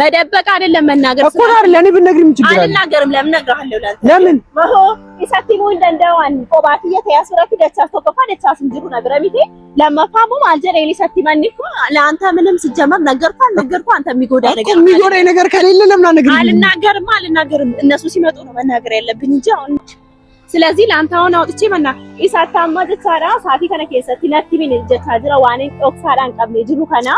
መደበቅ አይደለም መናገር እኮ አይደል? ለኔ ብነግሪም ችግር አልናገርም። ለምን እነግርሃለሁ? ለምን ወሆ እንደንደዋን ተቆፋ ደቻስ ብረሚቴ ለማፋሙ ለአንተ ምንም ሲጀመር ነገርኩ አንተ የሚጎዳ ነገር የሚጎዳ ነገር ከሌለ ለምን አልናገርም፣ አልናገርም። እነሱ ሲመጡ ነው መናገር ያለብኝ እንጂ አሁን ስለዚህ ለአንተ አሁን አውጥቼ መና ኢሳታማ ደቻራ ሳቲ ከነ ከሰቲ ነቲ ምን ደቻጅራ ዋኔ ኦክሳራን ቀብኔ ጅሩ ከና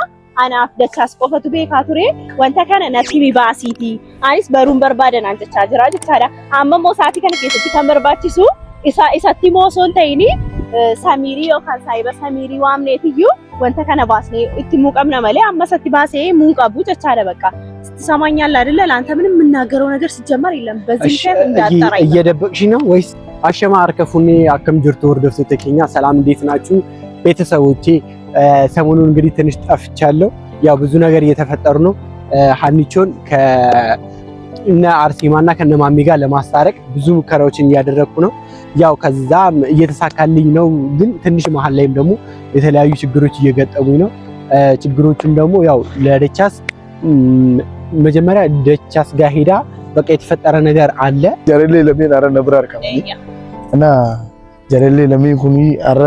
anaaf dachaas qofatu beekaa ture. Wanta kana natti baasiiti. Anis baruun barbaadanaan jechaa jira jechaadha. Amma immoo sa'aatii kana keessatti kan barbaachisu isa isatti immoo osoo hin ta'in samiirii yookaan saayiba samiirii waamneef iyyuu wanta kana baasnee itti muuqamna malee amma isatti baasee muuqabu jechaadha በቃ ስትሰማኛል አይደለ? ለአንተ ምንም የምናገረው ነገር ሲጀመር የለም። በዚህ ምክንያት እንዳጠራ እየደበቅሽ ነው ወይስ አሸማ አርከፉኔ አከም ጅርቶ ወርደፍቶ ተኬኛ ሰላም፣ እንዴት ናችሁ ቤተሰቦቼ? ሰሞኑን እንግዲህ ትንሽ ጠፍቻለሁ። ያው ብዙ ነገር እየተፈጠሩ ነው። ሀኒቾን ከእነ አርሴማና ከነ ማሚ ጋር ለማስታረቅ ብዙ ሙከራዎችን እያደረግኩ ነው። ያው ከዛም እየተሳካልኝ ነው፣ ግን ትንሽ መሀል ላይም ደግሞ የተለያዩ ችግሮች እየገጠሙኝ ነው። ችግሮቹም ደግሞ ያው ለደቻስ መጀመሪያ ደቻስ ጋር ሄዳ በቃ የተፈጠረ ነገር አለ ጀሬሌ ለሜን አረ አርካ እና ጀሬሌ ለሜን ኩኒ አረ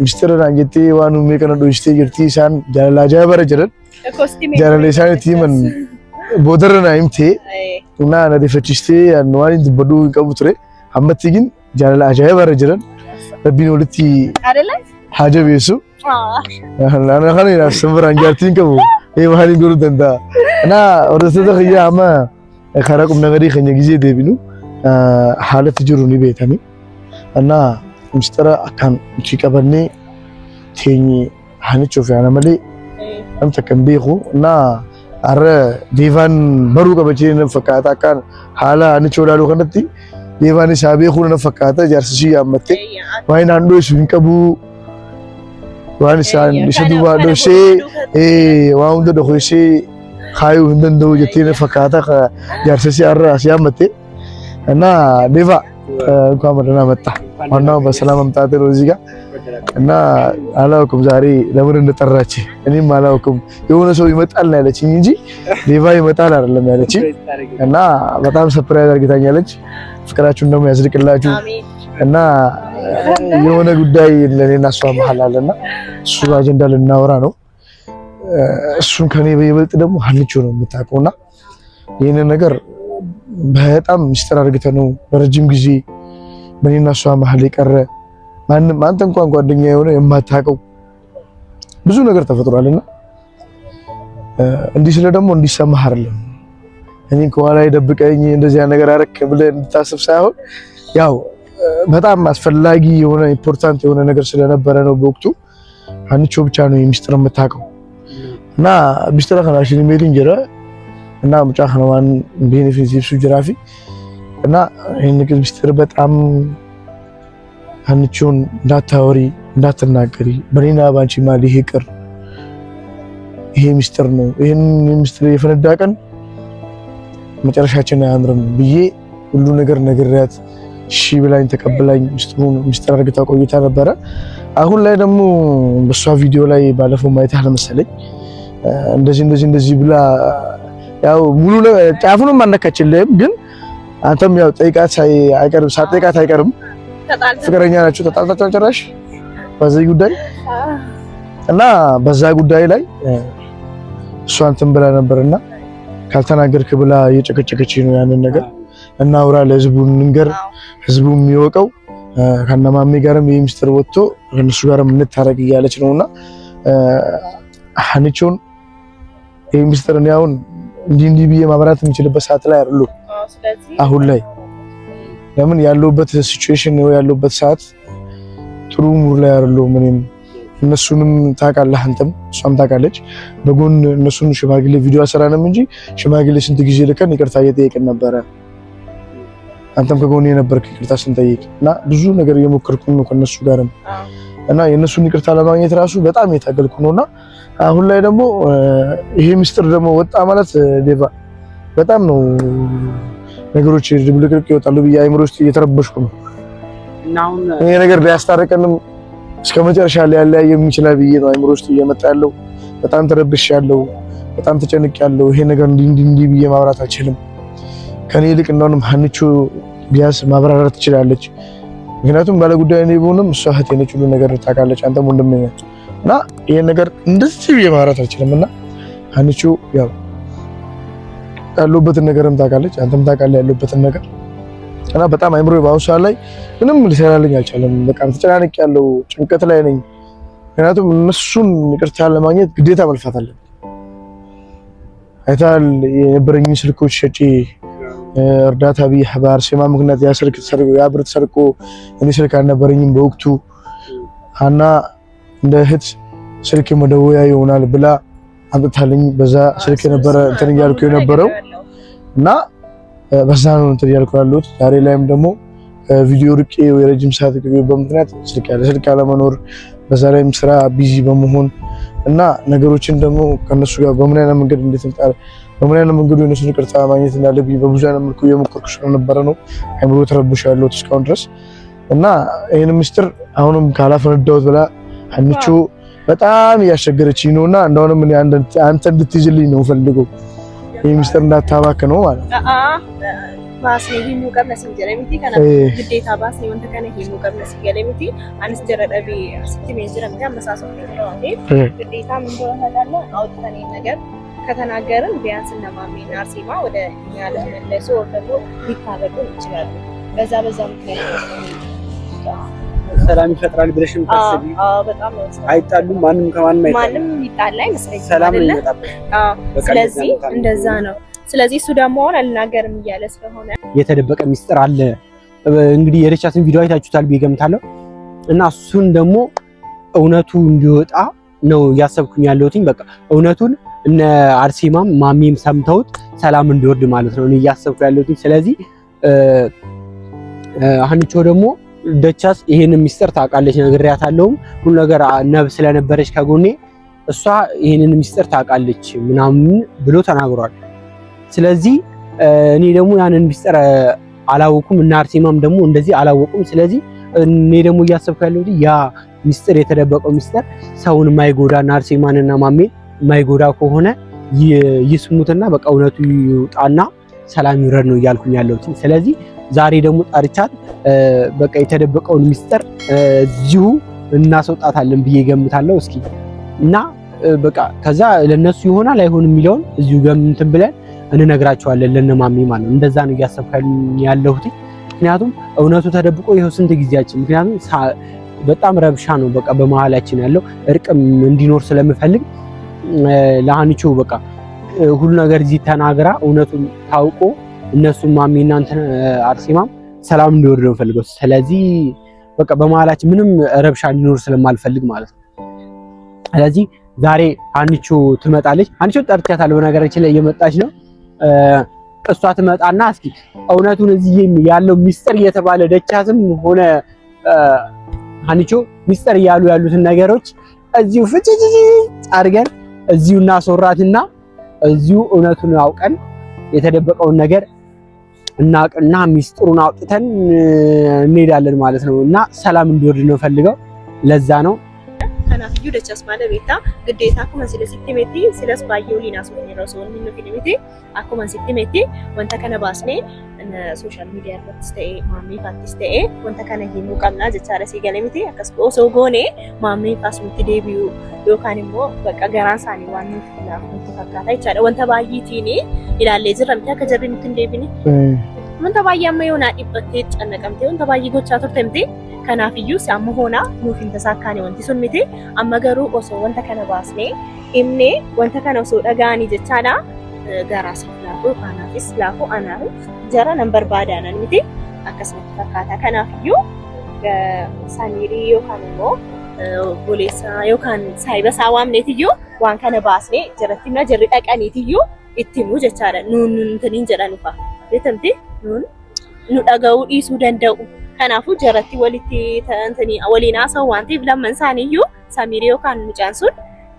mistiraan jettee waan uumee kana dhohistee jirti isaan jaalala ajaa'ibaara jedhan jaalala isaan itti himan boodarra naa himtee naa na rifachiistee waan hin dubbadhuu hin qabu ture ammatti gin jaalala ajaa'ibaara jedhan rabbiin walitti haa jabeessu. Naannoo kana inaaf simbiraan jaartiin qabu ee maaliin godhuu danda'a. Naa hordoftoota kiyyaa amma karaa qubna gadii keenya gizee deebinu haalatti jiru ni beekami. Naa Mistara akan nuti qabannee teenye haanicha ofeana malee namta kan beeku እና አረ ዴቫን በሩ ቀበቼ ነን ፈካታ አካን ሀላ አንቾ ዳሉ ከነቲ ዴቫን ሳ ቤኩ ነን ፈካታ ጃርስሲ ያመቴ ዋይን አንዶ ሱን ቀቡ ዋን ሳን ሸዱ ባዶሴ ኤ ዋውንደ ዶሆሴ ካዩ እንደንደው ጀቴ ነን ፈካታ ጃርስሲ አራ ሲያመቴ እና ዴቫ እንኳን በደህና መጣ። ዋናው በሰላም መምጣት ነው እዚህ ጋር እና አላውቅም ዛሬ ለምን እንደጠራች እኔም አላውቅም። የሆነ ሰው ይመጣል ነው ያለችኝ እንጂ ሌባ ይመጣል አይደለም ያለችኝ እና በጣም ሰፕራይዝ አድርግታኛለች። ፍቅራችሁን ደግሞ ያዝድቅላችሁ እና የሆነ ጉዳይ ለኔና እሷ መሀል አለና እሱ አጀንዳ ልናወራ ነው። እሱን ከኔ በይበልጥ ደግሞ ሀልቾ ነው የምታውቀውና ይህንን ነገር በጣም ምስጢር አድርግተ ነው በረጅም ጊዜ በኔና እሷ መሀል የቀረ ማንም አንተ እንኳን ጓደኛ የሆነ የማታውቀው ብዙ ነገር ተፈጥሯልና እንዲህ ስለ ደግሞ እንዲሰማህ አይደለም። እኔ ከኋላ የደብቀኝ እንደዚያ ነገር አረክ ብለህ እንድታስብ ሳይሆን ያው በጣም አስፈላጊ የሆነ ኢምፖርታንት የሆነ ነገር ስለነበረ ነው። በወቅቱ አንቺው ብቻ ነው የሚስጥር የምታውቀው እና ሚስጥር ከናሽን ሜሊንግ እና ሙጫ ከነማን ቤኔፊት ይብሱ ጅራፊ እና ይሄን ንግድ ሚስጥር በጣም አንቺውን እንዳታወሪ እንዳትናገሪ፣ በኔና ባንቺ ማል ይሄ ቅር ይሄ ሚስጥር ነው። ይሄን ሚስጥር የፈነዳ ቀን መጨረሻችን አያምርም ብዬ ሁሉ ነገር ነግሬያት ሺ ብላኝ ተቀብላኝ ሚስጥሩን ሚስጥር አድርገታ ቆይታ ነበረ። አሁን ላይ ደግሞ በሷ ቪዲዮ ላይ ባለፈው ማየት አለመሰለኝ እንደዚህ እንደዚህ እንደዚህ ብላ ያው ሙሉ ጫፉንም አነካችልህም፣ ግን አንተም ያው ጠይቃት አይቀርም ሳትጠይቃት አይቀርም። ፍቅረኛ ናችሁ ተጣልታችኋል ጭራሽ በዚህ ጉዳይ እና በዛ ጉዳይ ላይ እሷ እንትን ብላ ነበርና ካልተናገርክ ብላ እየጨቀጨቀች ነው። ያንን ነገር እናውራ፣ ለህዝቡን ንገር፣ ህዝቡ የሚወቀው ከነማሜ ጋርም ይህ ሚስጥር ወጥቶ ከነሱ ጋርም እንታረቅ እያለች ነውና ሀኒቾን ይህ ሚስጥር እኔ አሁን እንዲህ እንዲህ ብዬ ማብራት የሚችልበት ሰዓት ላይ አሉ አሁን ላይ ለምን ያለውበት ሲቹዌሽን ነው ያለውበት ሰዓት ጥሩ ሙሉ ላይ አሉ ምንም እነሱንም ታውቃለህ አንተም እሷም ታውቃለች። በጎን እነሱን ሽማግሌ ቪዲዮ አሰራንም እንጂ ሽማግሌ ስንት ጊዜ ልከን ይቅርታ እየጠየቅን ነበረ። አንተም ከጎን የነበርክ ይቅርታ ስንጠይቅ እና ብዙ ነገር እየሞከርኩ ነው ከነሱ ጋርም እና የእነሱን ይቅርታ ለማግኘት ራሱ በጣም የታገልኩ ነውና አሁን ላይ ደግሞ ይሄ ምስጢር ደግሞ ወጣ ማለት ዴቫ በጣም ነው ነገሮች ድብልቅልቅ ይወጣሉ ብዬ አይምሮ ውስጥ እየተረበሽኩ ነው። ይሄ ነገር ሊያስታርቀንም እስከ መጨረሻ ሊያለያየ የሚችላል ብዬ ነው አይምሮ ውስጥ እየመጣ ያለው። በጣም ተረብሽ ያለው በጣም ተጨንቅ ያለው ይሄ ነገር እንዲህ እንዲህ እንዲህ ብዬ ማብራት አልችልም። ከኔ ይልቅ እንደሆንም ሀንቹ ቢያንስ ማብራራት ትችላለች። ምክንያቱም ባለጉዳይ እኔ ብሆንም እሷ እህቴ ነች፣ ሁሉ ነገር ታውቃለች። አንተም ወንድም ነህ እና ይህን ነገር እንደዚህ ብዬ ማውራት አልችልም። እና አንቺ ያው ያለሁበትን ነገርም ታውቃለች፣ አንተም ታውቃለህ ያለሁበትን ነገር እና በጣም አይምሮ በአሁኑ ሰዓት ላይ ምንም ሊሰራልኝ አልቻለም። በቃም ተጨናንቅ ያለው ጭንቀት ላይ ነኝ። ምክንያቱም እነሱን ይቅርታ ለማግኘት ግዴታ መልፋት አለብኝ። አይታል የነበረኝ ስልኮች ሸጬ እርዳታ ብዬ በአርሴማ ምክንያት ያ ስልክ ተሰርቆ ያ ብር ተሰርቆ እኔ ስልክ አልነበረኝም በወቅቱ እና እንደ እህት ስልክ መደወያ ይሆናል ብላ አምጥታለኝ። በዛ ስልክ የነበረ እንትን እያልኩ የነበረው እና በዛ ነው እንትን እያልኩ ያሉት። ዛሬ ላይም ደግሞ ቪዲዮ ርቄ ወይ ረጅም ሰዓት በምክንያት ስልክ ያለ ስልክ አለመኖር በዛ ላይም ስራ ቢዚ በመሆን እና ነገሮችን ደግሞ ከነሱ ጋር በምን አይነት መንገድ እንዴት በምንያለ መንገዱ የነሱን ይቅርታ ማግኘት እንዳለብኝ በብዙ አይነት መልኩ የሞከርኩ ስለነበረ ነው አይምሮ ተረብሽ ያለሁት እስካሁን ድረስ እና ይህን ምስጢር አሁንም ካላፈነዳሁት ብላ ሀኒቾ በጣም እያስቸገረችኝ ነው እና እንደሁንም አንተ እንድትይዝልኝ ነው ፈልገው ይህ ምስጢር እንዳታባክ ነው ማለት ነው። ባስኔ ከተናገርን ቢያንስ እነ ማሜና አርሴማ ወደ እኛ ልመለሱ ወር ደግሞ ሊታረቁ ይችላሉ። በዛ በዛ ምክንያት ሰላም ይፈጥራል ብለሽም ታስቢ? በጣም አይጣሉም። ማንም ከማንም አይጣሉም። ማንም ይጣላ አይመስለኝም። ሰላም ይመጣብሽ። ስለዚህ እንደዛ ነው። ስለዚህ እሱ ደግሞ አሁን አልናገርም እያለ ስለሆነ የተደበቀ ሚስጥር አለ። እንግዲህ የረቻትን ቪዲዮ አይታችሁታል ብዬ ገምታለሁ። እና እሱን ደግሞ እውነቱ እንዲወጣ ነው እያሰብኩኝ ያለሁትኝ በቃ እውነቱን እነ አርሴማም ማሚም ሰምተውት ሰላም እንዲወርድ ማለት ነው እያሰብኩ ያለሁት። ስለዚህ ሀንቾ ደግሞ ደቻስ ይሄን ሚስጥር ታውቃለች፣ ነግሬያታለሁም ሁሉ ነገር ነብ ስለነበረች ከጎኔ እሷ ይሄንን ሚስጥር ታውቃለች ምናምን ብሎ ተናግሯል። ስለዚህ እኔ ደግሞ ያንን ሚስጥር አላወቁም እና አርሴማም ደግሞ እንደዚህ አላወቁም። ስለዚህ እኔ ደግሞ እያሰብኩ ያለሁት ያ ሚስጥር የተደበቀው ሚስጥር ሰውን ማይጎዳ እና አርሴማንና ማሜን ማይጎዳ ከሆነ ይስሙትና በቃ እውነቱ ይውጣና ሰላም ይውረድ ነው እያልኩኝ ያለሁት። ስለዚህ ዛሬ ደግሞ ጠርቻት በቃ የተደበቀውን ሚስጥር እዚሁ እናስወጣታለን ብዬ ገምታለሁ። እስኪ እና በቃ ከዛ ለነሱ ይሆናል አይሆንም የሚለውን እዚሁ ገምትን ብለን እንነግራቸዋለን ለነማሚ ማለት ነው። እንደዛ ነው እያሰብኩ ያለሁት። ምክንያቱም እውነቱ ተደብቆ ይኸው ስንት ጊዜያችን ምክንያቱም በጣም ረብሻ ነው በቃ በመሀላችን ያለው እርቅም እንዲኖር ስለምፈልግ ለሀኒቾ በቃ ሁሉ ነገር እዚህ ተናግራ እውነቱን ታውቆ እነሱም ማሚ እናንተ አርሴማም ሰላም እንዲወርድ ነው ፈልገው። ስለዚህ በቃ በመሀላችን ምንም ረብሻ እንዲኖር ስለማልፈልግ ማለት ነው። ስለዚህ ዛሬ ሀኒቾ ትመጣለች። ሀኒቾ ጠርቻታለሁ። በነገራችን ላይ እየመጣች ነው። እሷ ትመጣና እስኪ እውነቱን እዚህ ያለው ሚስጥር እየተባለ ደቻስም ሆነ ሀኒቾ ሚስጥር እያሉ ያሉትን ነገሮች እዚሁ ፍጭጭጭ አድርገን እዚሁ እናስወራትና እዚሁ እውነቱን አውቀን የተደበቀውን ነገር እናውቅና ሚስጥሩን አውጥተን እንሄዳለን ማለት ነው። እና ሰላም እንዲወርድ ነው ፈልገው ለዛ ነው kanaaf iyyuu dachaa as maala beektaa giddeessaa akkuma sila sitti meetti silas baay'ee oliinaas yeroo soonni nu miti akkuma sitti meetti wanta kana baasnee sooshaal miidiyaa irrattis ta'ee maammii faattis ta'ee wanta kana hiimuu qabnaa jechaadha sii gale miti akkas osoo goone maammii faas nutti deebi'u yookaan immoo bakka garaan isaanii waan nuuf nutti fakkaata jechaadha wanta baay'eetiin ilaallee jirra miti akka jarri nutti hin deebine. ምን ተባያመ ይሆና ዲበት ጨነቀምቴ ወን ተባይ ጎቻ ቱርተምቴ ከናፍዩ ሲያም ሆና ኑፊን ተሳካኔ ወንቲ ሱሚቴ አመገሩ ኦሶ ወንተ ከነባስኔ ኢምኔ ወንተ ከነሱ ደጋኒ ጀቻዳ ጋራ ሲላፉ አናፊስ ላፉ አናሩ ጀራ ነምበር ባዳናን ሚቴ አከስመት ተካታ ከናፍዩ ሳኒሪ ዮካንሞ ቦሌሳ ዮካን ሳይበሳ ዋምኔትዮ ዋን ከነባስኔ ጀረቲና ጀሪ ደቃኒትዮ ኢትኑ ጀቻዳ ኑኑን ተኒን ጀዳኑፋ nu dhaga'uu dhiisuu danda'u. Kanaafuu jaratti walitti ta'anii waliin haasa'u waan ta'eef lamaan isaaniiyyuu Samiiree yookaan mucaan sun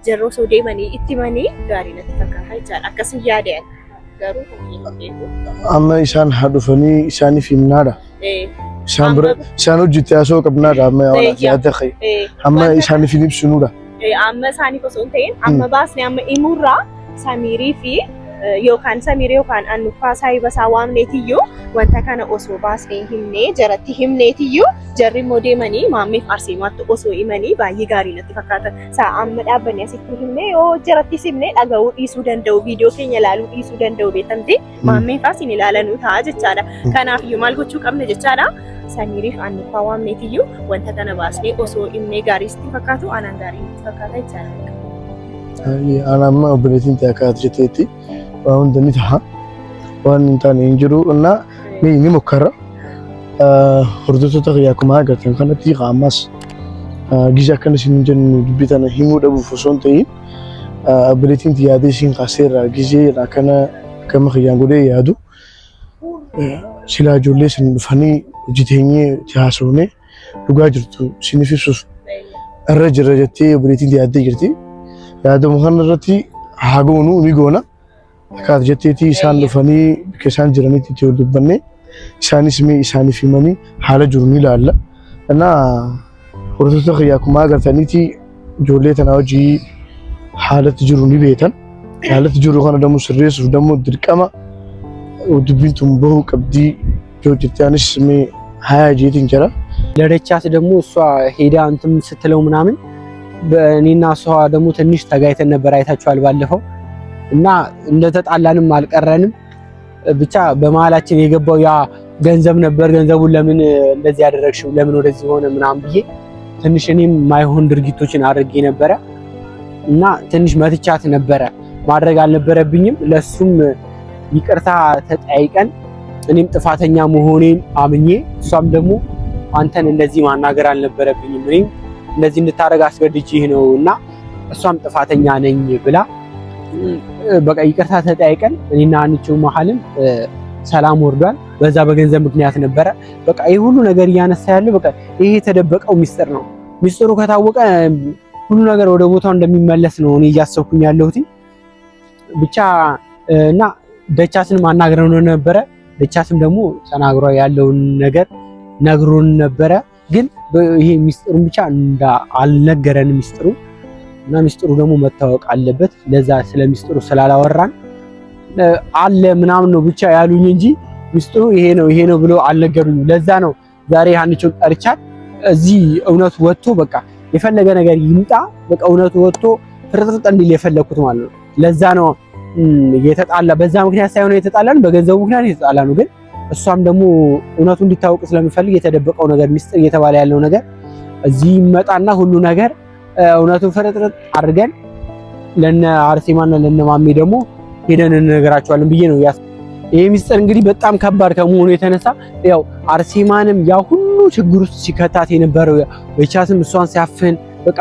jarroo osoo deemanii itti himanii gaarii natti fakkaata jechaadha. Akkasuma yaada'an garuu amma isaan haa dhufanii isaaniif himnaadha. Isaan bira isaan hojjettee haasa'uu qabnaadha amma yaada kee amma isaaniif hin ibsinuudha. Amma isaaniif osoo hin ta'in amma baasnee amma himuurraa Samiirii fi yookaan samii yookaan annuffaasaa hibasaa waamneetiyyuu wanta kana osoo baasnee himnee jaratti himneetiyyuu jarri immoo deemanii maammeef arsiimaatti osoo himanii baay'ee gaarii natti fakkaata. Sa'a amma dhaabbanne asitti himnee yoo jaratti himnee dhaga'uu dhiisuu danda'u viidiyoo keenya ilaaluu dhiisuu danda'u beekamte maammeefas hin ilaalanuu ta'a jechaadha. Kanaaf iyyuu maal gochuu qabna jechaadha. Samiiriif annuffaa waamneetiyyuu wanta kana baasnee osoo himnee gaarii sitti fakkaatu anaan gaarii natti fakkaata jechaadha. Anamma obboleettiin akka jeteetti ಒಂದು ಒಂದು ಇಂಜರು እና ನೀ ಇನ್ನಿ ಮುಖರ ሁርዱቱ ተያኩማ ገርተን ከነቲ ቃማስ ጊዜ አከነስ ንጀን ቢተነ ሂሙ ደቡ ፎሶን ተይ ብሌቲን ትያዴ ሲን ካሴራ ጊዜ ራከነ ከመክያን ጎዴ ያዱ ሲላጆሌ ስንዱፈኒ ጅቴኜ ቲሃሶኔ ዱጋ ጅርቱ ሲኒፊሱፍ እረ ጅረ ጀቴ ብሌቲን ጅርቲ ያደ ሙኸን ረቲ ሃጎኑ ኒጎና Akkaat jettiitii isaan dhufanii keessaan jiranitti itti dubbannee isaanis mee isaaniif himanii haala jiru ni ilaalla. Kana hordoftoota kiyyaa akkuma agartaniiti ijoollee tanaa hojii haalatti jiru ni beekan. Haalatti jiru kana dammoo sirreessuuf dammoo dirqama dubbiin tun bahuu qabdii ጆጅታንስ ሜ ሀያ ጄት እንጀራ ለረቻት ደግሞ እሷ ሄዳ እንትም ስትለው ምናምን እኔና እሷ ደግሞ ትንሽ ተጋይተን ነበር። አይታችኋል ባለፈው እና እንደተጣላንም አልቀረንም። ብቻ በመሀላችን የገባው ያ ገንዘብ ነበር። ገንዘቡን ለምን እንደዚህ ያደረግሽው ለምን ወደዚህ ሆነ ምናምን ብዬ ትንሽ እኔም ማይሆን ድርጊቶችን አድርጌ ነበረ እና ትንሽ መትቻት ነበረ። ማድረግ አልነበረብኝም። ለሱም ይቅርታ ተጠያይቀን እኔም ጥፋተኛ መሆኔን አምኜ እሷም ደግሞ አንተን እንደዚህ ማናገር አልነበረብኝም እኔም እንደዚህ እንድታደርግ አስገድጄህ ነው እና እሷም ጥፋተኛ ነኝ ብላ በቃ ይቅርታ ተጠያይቀን እኔና አንቺው መሀልም ሰላም ወርዷል። በዛ በገንዘብ ምክንያት ነበረ። በቃ ይህ ሁሉ ነገር እያነሳ ያለው በቃ ይሄ የተደበቀው ሚስጥር ነው። ሚስጥሩ ከታወቀ ሁሉ ነገር ወደ ቦታው እንደሚመለስ ነው እኔ እያሰብኩኝ ያለሁት። ብቻ እና ደቻስን ማናገረው ነው ነበረ። ደቻስም ደግሞ ተናግሯ ያለውን ነገር ነግሮን ነበረ። ግን ይሄ ሚስጥሩን ብቻ አልነገረን ሚስጥሩ እና ሚስጥሩ ደግሞ መታወቅ አለበት። ለዛ ስለ ሚስጥሩ ስላላወራን አለ ምናምን ነው ብቻ ያሉኝ እንጂ ሚስጥሩ ይሄ ነው ይሄ ነው ብሎ አልነገሩኝም። ለዛ ነው ዛሬ ሀንቾን ጠርቻት እዚህ እውነቱ ወጥቶ በቃ የፈለገ ነገር ይምጣ በቃ እውነቱ ወጥቶ ፍርጥርጥ እንዲል የፈለግኩት ማለት ነው። ለዛ ነው የተጣላ በዛ ምክንያት ሳይሆን የተጣላ ነው፣ በገንዘቡ ምክንያት የተጣላ ነው። ግን እሷም ደግሞ እውነቱ እንዲታወቅ ስለምፈልግ የተደበቀው ነገር ሚስጥር እየተባለ ያለው ነገር እዚህ ይመጣና ሁሉ ነገር እውነቱን ፍርጥርጥ አድርገን ለነ አርሴማና ለነ ማሜ ደግሞ ሄደን እንነግራቸዋለን ብዬ ነው ያስ ይሄ ሚስጥር እንግዲህ በጣም ከባድ ከመሆኑ የተነሳ ያው አርሴማንም ያ ሁሉ ችግር ውስጥ ሲከታት የነበረው ደቻትም እሷን ሲያፍን በቃ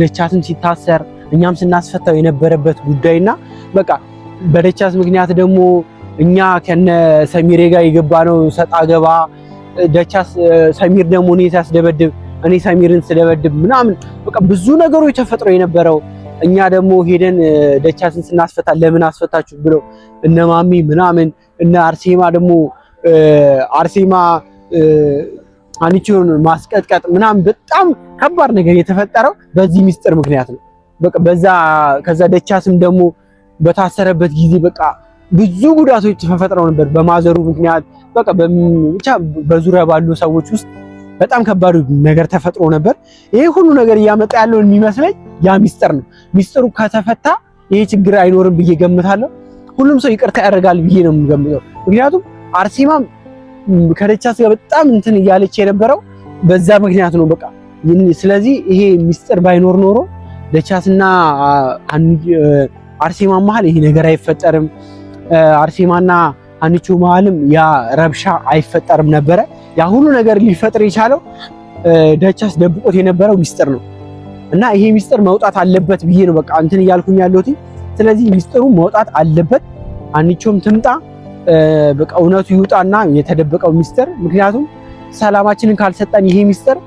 ደቻስም ሲታሰር እኛም ስናስፈታው የነበረበት ጉዳይና በቃ በደቻስ ምክንያት ደግሞ እኛ ከነ ሰሚሬ ጋር የገባ ነው ሰጣ ገባ ሰሚር ደግሞ እኔ ሲያስደበድብ እኔ ሰሚርን ስደበድብ ምናምን በቃ ብዙ ነገሮች ተፈጥሮ የነበረው እኛ ደግሞ ሄደን ደቻስን ስናስፈታ ለምን አስፈታችሁ ብለው እነ ማሚ ምናምን እነ አርሴማ ደግሞ አርሴማ አንቺውን ማስቀጥቀጥ ምናምን በጣም ከባድ ነገር የተፈጠረው በዚህ ሚስጥር ምክንያት ነው። በቃ በዛ ከዛ ደቻስም ደግሞ በታሰረበት ጊዜ በቃ ብዙ ጉዳቶች ተፈጥረው ነበር በማዘሩ ምክንያት በቃ ብቻ በዙሪያ ባሉ ሰዎች ውስጥ በጣም ከባዱ ነገር ተፈጥሮ ነበር። ይሄ ሁሉ ነገር እያመጣ ያለውን የሚመስለኝ ያ ሚስጥር ነው። ሚስጥሩ ከተፈታ ይሄ ችግር አይኖርም ብዬ ገምታለሁ። ሁሉም ሰው ይቅርታ ያደርጋል ብዬ ነው የምገምተው። ምክንያቱም አርሴማም ከደቻስ ጋር በጣም እንትን እያለች የነበረው በዛ ምክንያት ነው። በቃ ስለዚህ ይሄ ሚስጥር ባይኖር ኖሮ ደቻስና አርሴማ መሀል ይሄ ነገር አይፈጠርም። አርሴማና አንቹ መሀልም ያ ረብሻ አይፈጠርም ነበረ። ያ ሁሉ ነገር ሊፈጥር የቻለው ደቻስ ደብቆት የነበረው ሚስጥር ነው እና ይሄ ሚስጥር መውጣት አለበት ብዬ ነው በቃ እንትን እያልኩኝ ያለሁት። ስለዚህ ሚስጥሩ መውጣት አለበት። አንቾም ትምጣ በቃ እውነቱ ይውጣና የተደበቀው ሚስጥር። ምክንያቱም ሰላማችንን ካልሰጠን ይሄ ሚስጥር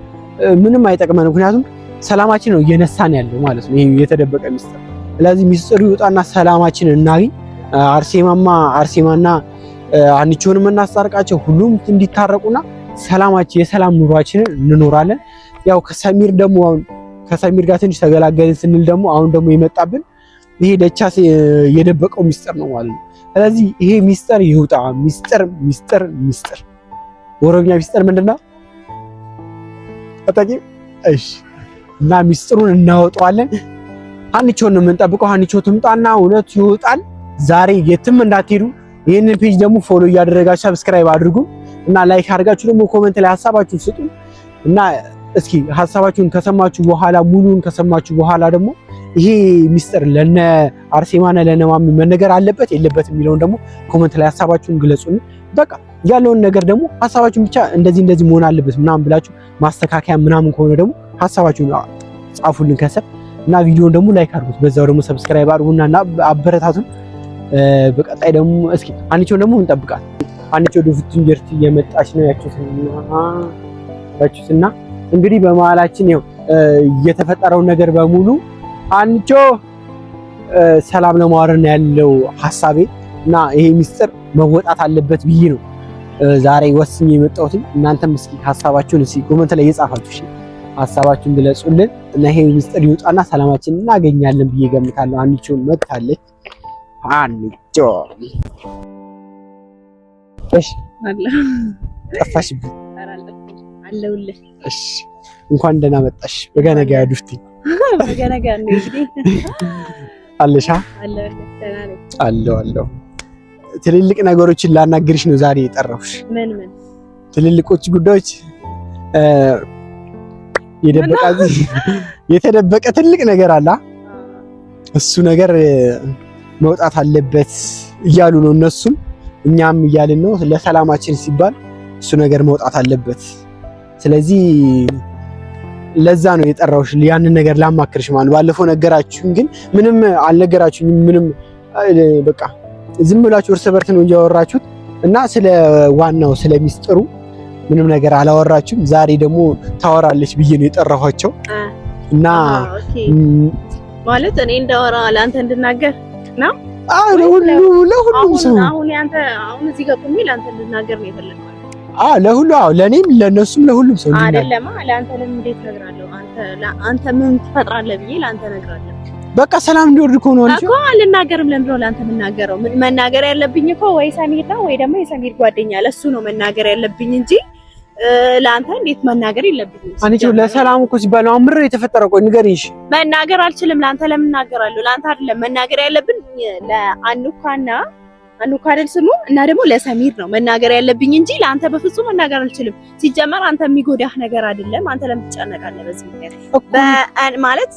ምንም አይጠቅመን። ምክንያቱም ሰላማችን ነው እየነሳን ያለው ማለት ነው ይሄ የተደበቀ ሚስጥር። ስለዚህ ሚስጥሩ ይውጣና ሰላማችን እናግኝ። አርሴማማ አርሴማና አንቺውንም እናስታርቃቸው ሁሉም እንዲታረቁና ሰላማችን የሰላም ኑሯችንን እንኖራለን። ያው ከሰሚር ደግሞ አሁን ከሰሚር ጋር ትንሽ ተገላገልን ስንል ደግሞ አሁን ደግሞ የመጣብን ይሄ ደቻስ የደበቀው ሚስጥር ነው ማለት ነው። ስለዚህ ይሄ ሚስጥር ይውጣ። ሚስጥር ሚስጥር ሚስጥር ወሮኛ ሚስጥር ምንድነው? አጣቂ እሺ። እና ሚስጥሩን እናወጣዋለን። ሀኒቾን ነው የምንጠብቀው። ሀኒቾ ትምጣና እውነቱ ይወጣል። ዛሬ የትም እንዳትሄዱ። ይህንን ፔጅ ደግሞ ፎሎ እያደረጋችሁ ሰብስክራይብ አድርጉ። እና ላይክ አድርጋችሁ ደግሞ ኮመንት ላይ ሀሳባችሁን ስጡ እና እስኪ ሀሳባችሁን ከሰማችሁ በኋላ ሙሉን ከሰማችሁ በኋላ ደግሞ ይሄ ሚስጥር ለነ አርሴማና ለነ ማሚ መነገር አለበት የለበት የሚለውን ደግሞ ኮመንት ላይ ሀሳባችሁን ግለጹን። በቃ ያለውን ነገር ደግሞ ሀሳባችሁን ብቻ እንደዚህ እንደዚህ መሆን አለበት ምናምን ብላችሁ ማስተካከያ ምናምን ከሆነ ደግሞ ሀሳባችሁን ጻፉልን ከሰብ እና ቪዲዮን ደግሞ ላይክ አድርጉት። በዛው ደግሞ ሰብስክራይብ አድርጉና እና አበረታቱን። በቀጣይ ደግሞ እስኪ አንቺውን ደግሞ እንጠብቃለን። አንቺ ወደ ፍቱን ጀርቲ የመጣች ነው ያችሁትና እንግዲህ በመሀላችን ይኸው የተፈጠረው ነገር በሙሉ አንቾ ሰላም ለማወር ያለው ሀሳቤ እና ይሄ ሚስጥር መወጣት አለበት ብዬ ነው ዛሬ ወስኜ የመጣሁት። እናንተም እስኪ ሀሳባችሁን እስኪ ኮመንት ላይ የጻፋችሁ እሺ፣ ሀሳባችሁን ግለጹልን እና ይሄ ሚስጥር ይውጣና ሰላማችን እናገኛለን ብዬ ገምታለሁ። አንቾ መጥታለች አንቾ ጠፋሽ ጠፋሽ እሺ እንኳን ደህና መጣሽ። በገነጋ ያዱፍቲ በገነጋ አለሻ አለው አለው። ትልልቅ ነገሮችን ላናግርሽ ነው ዛሬ የጠራሁሽ። ምን ምን ትልልቆች ጉዳዮች የደበቃ የተደበቀ ትልቅ ነገር አለ። እሱ ነገር መውጣት አለበት እያሉ ነው እነሱም እኛም እያልን ነው። ለሰላማችን ሲባል እሱ ነገር መውጣት አለበት። ስለዚህ ለዛ ነው የጠራሁሽ፣ ያንን ነገር ላማክርሽ ማለት። ባለፈው ነገራችሁኝ፣ ግን ምንም አልነገራችሁኝም። ምንም በቃ ዝም ብላችሁ እርስ በርት ነው እንጂ እና ስለ ዋናው ስለ ሚስጥሩ ምንም ነገር አላወራችሁም። ዛሬ ደግሞ ታወራለች ብዬ ነው የጠራኋቸው እና ማለት እኔ እንዳወራ ለአንተ እንድናገር ነው ለሁሉም ሰው ለሁሉ ለእኔም ለእነሱም ለሁሉም ሰው አይደለማ። ለአንተ ለምን እንዴት እነግራለሁ? በቃ ሰላም እንዲወርድ እኮ ነው እኮ አልናገርም። ለምን ነው ለአንተ የምናገረው? መናገር ያለብኝ እኮ ወይ ሰሚር ነው ወይ ደግሞ የሰሚር ጓደኛ ለሱ ነው መናገር ያለብኝ እንጂ ለአንተ እንዴት መናገር የለብኝም። አንቺ ለሰላም እኮ ሲባል ነው ምር የተፈጠረ። ቆይ ንገሪሽ። መናገር አልችልም። ለአንተ ለምናገራለሁ? ለአንተ አይደለም መናገር ያለብን ለአንኳና አንኳ አይደል ስሙ እና ደግሞ ለሰሚር ነው መናገር ያለብኝ እንጂ ለአንተ በፍጹም መናገር አልችልም። ሲጀመር አንተ የሚጎዳህ ነገር አይደለም። አንተ ለምን ትጨነቃለህ? በዚህ ምክንያት ማለት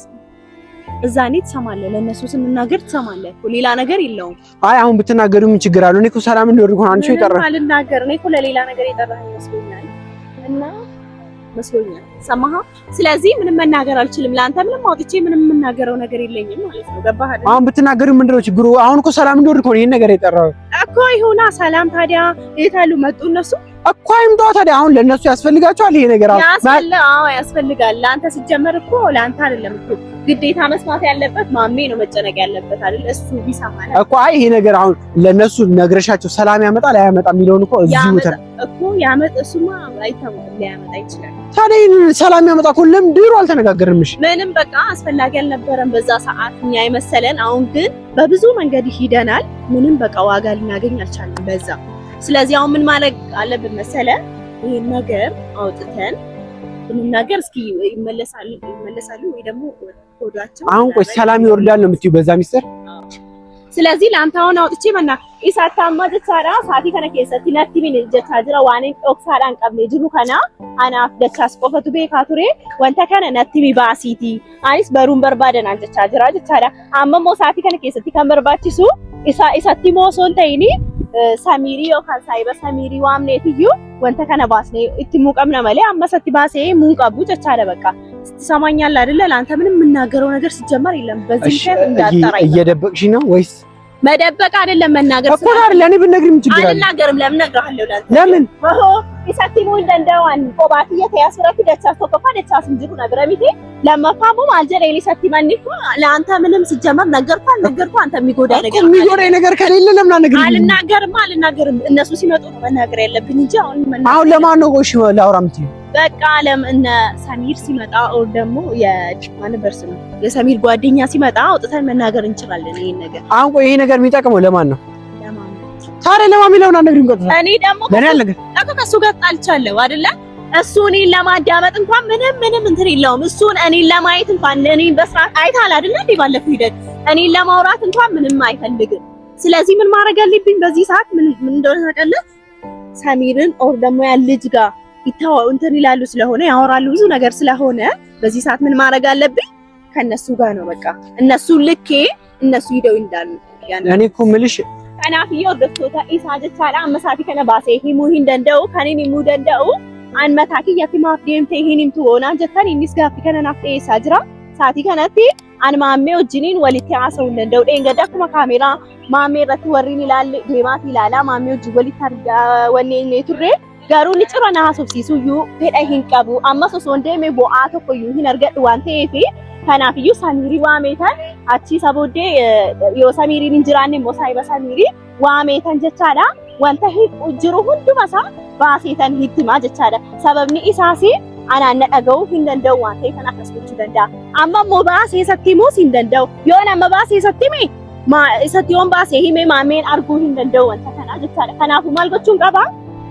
እዛ እኔ ትሰማለህ፣ ለእነሱ ስንናገር ትሰማለህ። ሌላ ነገር የለውም። አይ አሁን ብትናገሩ ምን ችግር አለው? እኔ እኮ ሰላም እንዲወርድ ሆነ አንቺ ይጠራ አልናገር። እኔ እኮ ለሌላ ነገር የጠራህ ይመስለኛል። እና መስሎኛል። ሰማህ? ስለዚህ ምንም መናገር አልችልም። ለአንተ ምንም አውጥቼ ምንም የምናገረው ነገር የለኝም ማለት ነው። ገባህ? አሁን ብትናገር ምንድን ችግሩ? አሁን እኮ ሰላም እንደወድ እኮ ነው ይሄን ነገር የጠራው እኮ ይሁና። ሰላም ታዲያ የት አሉ? መጡ እነሱ እኮ አይምጣ ታዲያ። አሁን ለእነሱ ያስፈልጋቸዋል ይሄ ነገር። አዎ ያስፈልጋል። ለአንተ ሲጀመር እኮ ለአንተ አይደለም እኮ ግዴታ መስማት ያለበት ማሜ ነው መጨነቅ ያለበት አይደል? እሱ ቢሰማ እኮ አይ ይሄ ነገር አሁን ለነሱ ነግረሻቸው ሰላም ያመጣል አያመጣም የሚለውን እኮ እዚህ እዚሁ እኮ ያመጣ እሱማ አይታወቅም ሊያመጣ ይችላል። ታዲያ ይሄን ሰላም ያመጣ እኮ ለምን ድሮ አልተነጋገርንም? ምንም በቃ አስፈላጊ አልነበረም በዛ ሰዓት እኛ የመሰለን። አሁን ግን በብዙ መንገድ ሂደናል። ምንም በቃ ዋጋ ልናገኝ አልቻለም በዛ። ስለዚህ አሁን ምን ማድረግ አለብን መሰለ ይሄን ነገር አውጥተን ብንናገር እስኪ ይመለሳሉ ይመለሳሉ ወይ ደግሞ አሁን ቆይ ሰላም ይወርዳል ነው የምትይው በዛ ሚስጥር። ስለዚህ ለአንተ አውጥቼ መና ኢሳታማ ጀቻራ ሳቲ ከነ ከሰቲ ነቲ ምን ጀቻ ጅራ ዋኔ ኦክሳዳን ቀብለ ጅሩ ከና አናፍ ደቻ ስቆፈቱ ቤካ ቱሬ ወንተ ከነ ነቲ ሚ ባሲቲ አይስ በሩን በርባደን አንጀቻ ጅራ ጀቻራ አመሞ ሳቲ ከነ ከሰቲ ከመርባችሱ isa isatti moo osoo hin ta'in samiirii yookaan saayiba samiirii waamneetiyyuu wanta kana baasnee itti muuqamna malee amma isatti baasee muuqabu jechaadha በቃ ትሰማኛለህ አይደለ? ለአንተ ምንም የምናገረው ነገር ሲጀመር የለም። በዚህ ሸፍ እንዳጠራኝ እየደበቅሽ ነው ወይስ መደበቅ አይደለም መናገር እኮ አይደለ? እኔ ብነግርም ችግር አለ። አልናገርም። ለምን እነግርሃለሁ? ለምን isatti immoo hin danda'aman kophaa kiyya ta'ee asirratti dachaa tokkoffaa dachaa hin jiru nagara ለአንተ ምንም ሲጀመር ነገርኩህ አልነገርኩህ አንተ የሚጎዳ ነገር የሚጎዳ ነገር ከሌለ ለምን አልነገርም? አልናገርም አልናገርም እነሱ ሲመጡ ነው መናገር ያለብኝ እንጂ አሁን አሁን ለማን ነው እሺ ላውራ በቃ ለም እነ ሰሚር ሲመጣ ኦር ደግሞ የማን በርስ ነው የሰሚር ጓደኛ ሲመጣ አውጥተን መናገር እንችላለን ይሄን ነገር። አሁን ይሄ ነገር የሚጠቅመው ለማን ነው? ታዲያ ለማን የሚለውን አልነግሪም። ቀጥታ እኔ ደግሞ ከሱ ጋር ጣልቻለሁ አይደለ? እሱ እኔን ለማዳመጥ እንኳን ምንም ምንም እንትን የለውም። እሱን እኔን ለማየት እንኳን እኔን በስርዓት አይታል አይደለ? እንዴ ባለፈው ሂደት እኔን ለማውራት እንኳን ምንም አይፈልግም። ስለዚህ ምን ማድረግ አለብኝ በዚህ ሰዓት? ምን ምን እንደሆነ ታውቃለህ? ሰሚርን ኦር ደግሞ ያ ልጅ ጋር ይተዋው እንትን ይላሉ ስለሆነ ያወራሉ ብዙ ነገር ስለሆነ በዚህ ሰዓት ምን ማድረግ አለብኝ? ከእነሱ ጋር ነው በቃ እነሱ ልኬ እነሱ ሂደው እንዳሉ እኔ እኮ የምልሽ Kanaaf yoo hojjettoota isaa jechaadha. Ammasaatii kana baasee himuu hin danda'u. Kan inni himuu danda'u anmataa kiyyatti maaf deemtee hin himtu oonaa jettan innis gaaffii kana naaf dhiyeessaa jira. Saatii kanatti ani maammee wajjiniin walitti haasa'uu hin danda'u. Dheengadda akkuma kaameeraa maammee irratti warreen ilaalle deemaaf ilaalaa maammee wajjin walitti argaa wanneen turre garuu ni cira na haasofsiisu iyyuu fedha hin qabu. Ammas osoo hin deemee bu'aa tokko iyyuu hin argadhu waan ta'eef Kanaafiyyuu samiirii waameetan achi isa booddee yoo samiiriin hin jiraanne immoo saayiba samiirii waameetan jechaadha. Wanta jiru hundumasaa baaseetan hittimaa jechaadha. Sababni isaas anaanna dhaga'uu hin danda'u waan ta'eef kan akkas gochuu danda'a. Amma immoo baasee isatti himuus hin danda'u. Yoo amma baasee isatti hime isatti yoon baasee hime maameen arguu hin danda'u wanta kanaa jechaadha. Kanaafuu maal gochuun qabaa?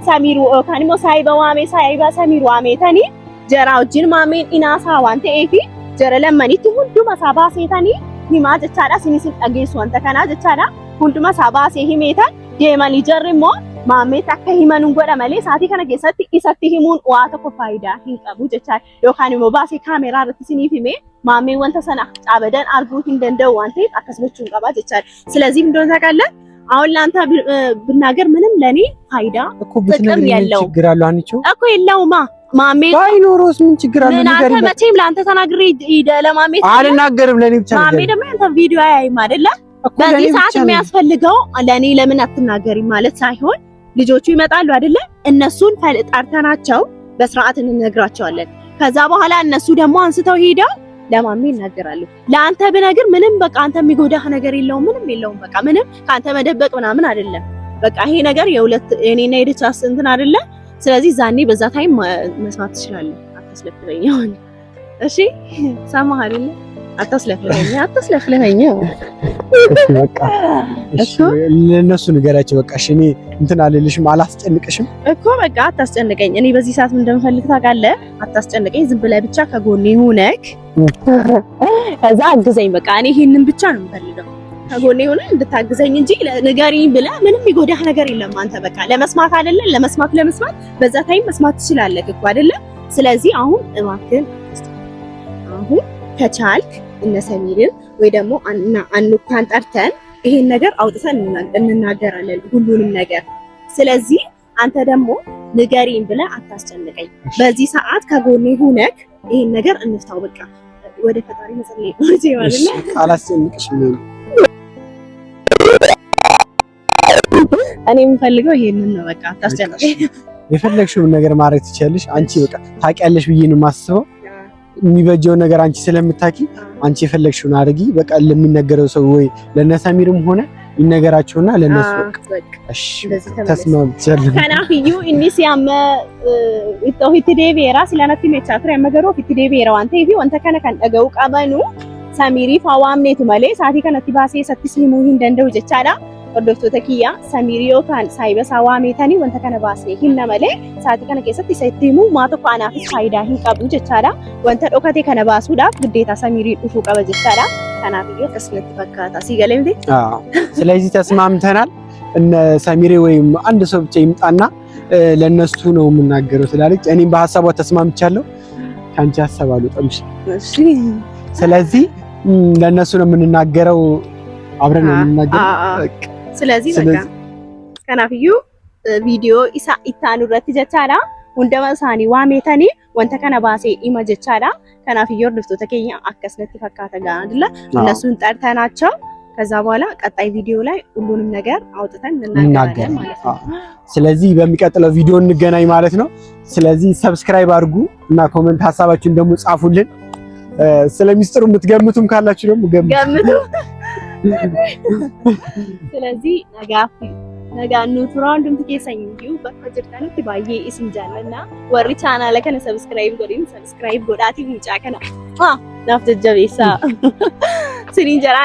Samiiruu yookaan immoo saayiba waamee saayiba samiiruu waameetanii jaraa wajjin maameen inaasaa waan ta'eefi jara lamanitti hunduma isaa baaseetanii himaa jechaadha. Isinis hin dhageessu wanta kanaa jechaadha. Hunduma isaa baasee himeetan deemanii jarri immoo maammeetti akka himan godha malee sa'aatii kana keessatti isatti himuun waa tokko faayidaa hin qabu jechaadha. Yookaan immoo baasee kaameraa irratti isiniif himee maammeen wanta sana caabadan arguu hin danda'u waan ta'eef akkas gochuun qaba jechaadha. ስለዚህ እንደሆነ ታውቃለህ አሁን ለአንተ ብናገር ምንም ለእኔ ፋይዳ ጥቅም የለውም እኮ የለውማ ማሜ ባይኖሮስ ምን ችግር አለ? ነገር አንተ መቼም ለአንተ ተናግሬ ሂደ ለማሜ አልናገርም። ለኔ ብቻ ማሜ ደግሞ አንተ ቪዲዮ አያይም አይደለ? በዚህ ሰዓት የሚያስፈልገው ለኔ ለምን አትናገሪ ማለት ሳይሆን ልጆቹ ይመጣሉ አይደለ? እነሱን ጣርተናቸው በስርዓት እንነግራቸዋለን። ከዛ በኋላ እነሱ ደግሞ አንስተው ሄደው ለማሜ ይናገራሉ። ለአንተ ብነግር ምንም በቃ አንተ የሚጎዳህ ነገር የለውም፣ ምንም የለውም። በቃ ምንም ከአንተ መደበቅ ምናምን አይደለም። በቃ ይሄ ነገር የሁለት እኔና የደቻስ እንትን አይደለ ስለዚህ ዛኔ በዛ ታይም መስማት ትችላለህ። አታስለፍለኝ። እሺ ሰማህ አይደለ? አታስለፍለኝ፣ አታስለፍለኝ። በቃ እሺ፣ ለነሱ ንገራቸው። በቃ እሺ፣ እኔ እንትን አልልሽም፣ አላስጨንቅሽም እኮ በቃ አታስጨንቀኝ። እኔ በዚህ ሰዓት እንደምፈልግ ታውቃለህ። አታስጨንቀኝ። ዝም ብለህ ብቻ ከጎኔ ሆነህ ከዛ አግዘኝ። በቃ እኔ ይሄንን ብቻ ነው የምፈልገው። ከጎኔ ሆነ እንድታግዘኝ እንጂ ንገሪኝ ብለህ ምንም ይጎዳህ ነገር የለም። አንተ በቃ ለመስማት አይደለም ለመስማት ለመስማት በዛ ታይም መስማት ትችላለህ እኮ አይደለም። ስለዚህ አሁን እባክህን አሁን ከቻልክ እነ ሰሚርን ወይ ደግሞ አኑካን ጠርተን ይሄን ነገር አውጥተን እንናገራለን ሁሉንም ነገር። ስለዚህ አንተ ደግሞ ንገሪኝ ብለህ አታስጨንቀኝ። በዚህ ሰዓት ከጎኔ ሁነክ ይሄን ነገር እንፍታው። በቃ ወደ ፈጣሪ መጸለይ ነው ማለት ነው። አላስጨንቅሽም እኔ የምፈልገው ይሄንን ነው። በቃ አታስጨንቅሽ። የፈለግሽውን ነገር ማድረግ ትችያለሽ። አንቺ በቃ ታውቂያለሽ ብዬ ነው የማስበው። የሚበጀውን ነገር አንቺ ስለምታውቂ አንቺ የፈለግሽውን አድርጊ። በቃ ለሚነገረው ሰው ወይ ለነሳሚርም ሆነ ይነገራቸውና ለነሱ ተስማምቻለሁ። ከናፍዩ እንዲስ ያመ ኢቶ ሂትዴ ቤራ saamiiriif haa waamneetu malee sa'aatii kanatti baasee sattis himuu hin danda'u jechaadha. hordoftoota kiyya samiirii yookaan saayiba isaa waameetanii wanta kana baasnee himna malee sa'aatii kana keessatti isa itti himu maa tokko anaafis faayidaa hin qabu jechaadha. Wanta dhokate kana baasuudhaaf ግዴታ ሰሚሪን dhufuu qaba jechaadha. Kanaaf iyyuu akkasumatti fakkaata. Asii galee miti? ስለዚህ ተስማምተናል። እነ ሰሚሬ ወይም አንድ ሰው ብቻ ይምጣና ለነሱ ነው የምናገረው ትላለች። እኔም በሀሳቧ ተስማምቻለሁ። ከአንቺ ሀሳብ አልወጣም። ስለዚህ ለእነሱ ነው የምንናገረው፣ አብረን ነው የምንናገረው። ስለዚህ በቃ ከናፍዩ ቪዲዮ ኢሳ ኢታኑ ረት ጀቻላ ጀቻዳ ሳኒ ዋሜተኒ ወንተ ከነ ባሴ ኢመ ጀቻዳ ከናፍዩ ወርድፍቶተ ከኛ አከስነት ይፈካተ ጋድላ እነሱን ጠርተናቸው ከዛ በኋላ ቀጣይ ቪዲዮ ላይ ሁሉንም ነገር አውጥተን እንናገራለን ማለት ነው። ስለዚህ በሚቀጥለው ቪዲዮ እንገናኝ ማለት ነው። ስለዚህ ሰብስክራይብ አድርጉ እና ኮሜንት ሀሳባችሁን ደግሞ ጻፉልን። ስለ ሚስጥሩ ካላችሁ ደግሞ ገምቱ። ስለዚህ ነጋ ነጋ ኑትራ ወንድምት ኬሰኝ እንዲሁ በፈጅር ተነት ወሪ ቻና ለከነ ሰብስክራይብ ጎዲን ሰብስክራይብ ጎዳቲ ሙጫ ከና ናፍ ጀጀቤሳ ስኒ ጀራ